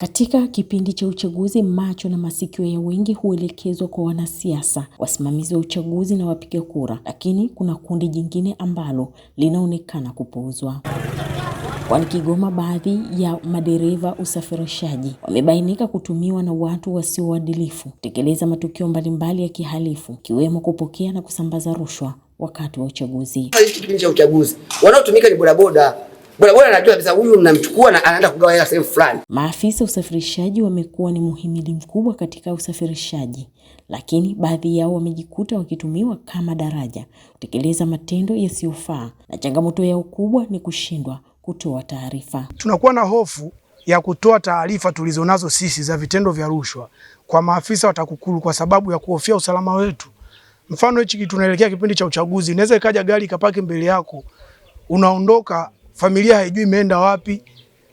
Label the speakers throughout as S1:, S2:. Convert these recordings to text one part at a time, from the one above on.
S1: Katika kipindi cha uchaguzi, macho na masikio ya wengi huelekezwa kwa wanasiasa, wasimamizi wa uchaguzi na wapiga kura, lakini kuna kundi jingine ambalo linaonekana kupuuzwa. Kwani Kigoma, baadhi ya madereva usafirishaji wamebainika kutumiwa na watu wasioadilifu kutekeleza matukio mbalimbali ya kihalifu, ikiwemo kupokea na kusambaza rushwa wakati wa uchaguzi.
S2: Kipindi cha uchaguzi wanaotumika ni bodaboda bodaboda anajua kabisa huyu mnamchukua na anaenda kugawa hela sehemu fulani.
S1: Maafisa usafirishaji wamekuwa ni muhimili mkubwa katika usafirishaji, lakini baadhi yao wamejikuta wakitumiwa kama daraja kutekeleza matendo yasiyofaa, na changamoto yao kubwa ni kushindwa kutoa taarifa.
S3: Tunakuwa na hofu ya kutoa taarifa tulizonazo sisi za vitendo vya rushwa kwa maafisa wa TAKUKURU kwa sababu ya kuhofia usalama wetu. Mfano hichi tunaelekea kipindi cha uchaguzi, inaweza ikaja gari ikapaki mbele yako, unaondoka familia haijui imeenda wapi,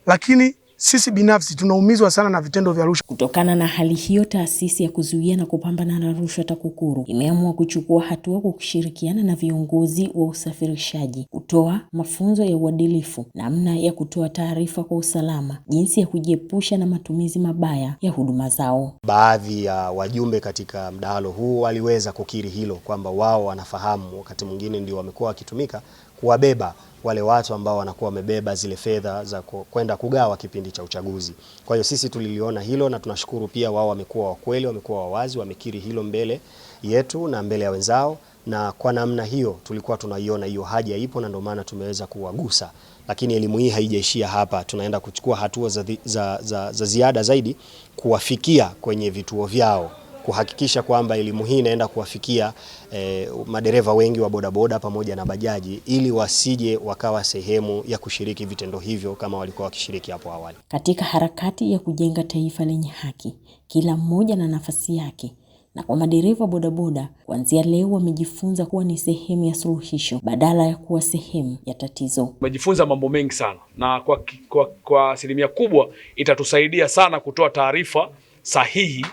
S3: lakini sisi binafsi tunaumizwa sana na vitendo vya rushwa.
S1: Kutokana na hali hiyo, taasisi ya kuzuia na kupambana na rushwa TAKUKURU imeamua kuchukua hatua kwa kushirikiana na viongozi wa usafirishaji kutoa mafunzo ya uadilifu, namna ya kutoa taarifa kwa usalama, jinsi ya kujiepusha na matumizi mabaya ya huduma zao.
S4: Baadhi ya wajumbe katika mdahalo huu waliweza kukiri hilo kwamba wao wanafahamu, wakati mwingine ndio wamekuwa wakitumika kuwabeba wale watu ambao wanakuwa wamebeba zile fedha za kwenda kugawa kipindi cha uchaguzi. Kwa hiyo sisi tuliliona hilo na tunashukuru pia, wao wamekuwa wakweli, wamekuwa wawazi, wamekiri hilo mbele yetu na mbele ya wenzao, na kwa namna hiyo tulikuwa tunaiona hiyo haja ipo na ndio maana tumeweza kuwagusa. Lakini elimu hii haijaishia hapa, tunaenda kuchukua hatua za, za, za, za ziada zaidi kuwafikia kwenye vituo vyao kuhakikisha kwamba elimu hii inaenda kuwafikia eh, madereva wengi wa bodaboda pamoja na bajaji ili wasije wakawa sehemu ya kushiriki vitendo hivyo kama walikuwa wakishiriki hapo awali.
S1: Katika harakati ya kujenga taifa lenye haki, kila mmoja na nafasi yake na kwa madereva bodaboda kuanzia leo wamejifunza kuwa ni sehemu ya suluhisho badala ya kuwa sehemu ya tatizo.
S3: Wamejifunza mambo mengi sana, na kwa kwa asilimia kubwa itatusaidia sana kutoa taarifa sahihi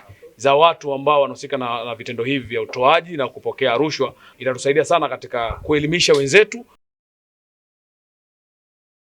S3: za watu ambao wanahusika na, na vitendo hivi vya utoaji na kupokea rushwa. Itatusaidia sana katika kuelimisha wenzetu.